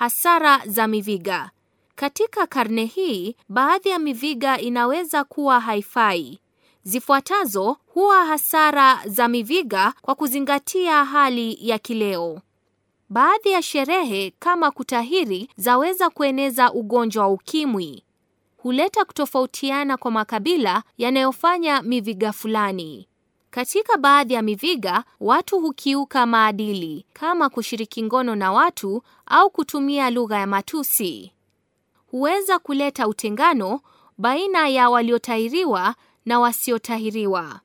Hasara za miviga. Katika karne hii, baadhi ya miviga inaweza kuwa haifai. Zifuatazo huwa hasara za miviga kwa kuzingatia hali ya kileo. Baadhi ya sherehe kama kutahiri zaweza kueneza ugonjwa wa ukimwi. Huleta kutofautiana kwa makabila yanayofanya miviga fulani. Katika baadhi ya miviga, watu hukiuka maadili kama kushiriki ngono na watu au kutumia lugha ya matusi. Huweza kuleta utengano baina ya waliotahiriwa na wasiotahiriwa.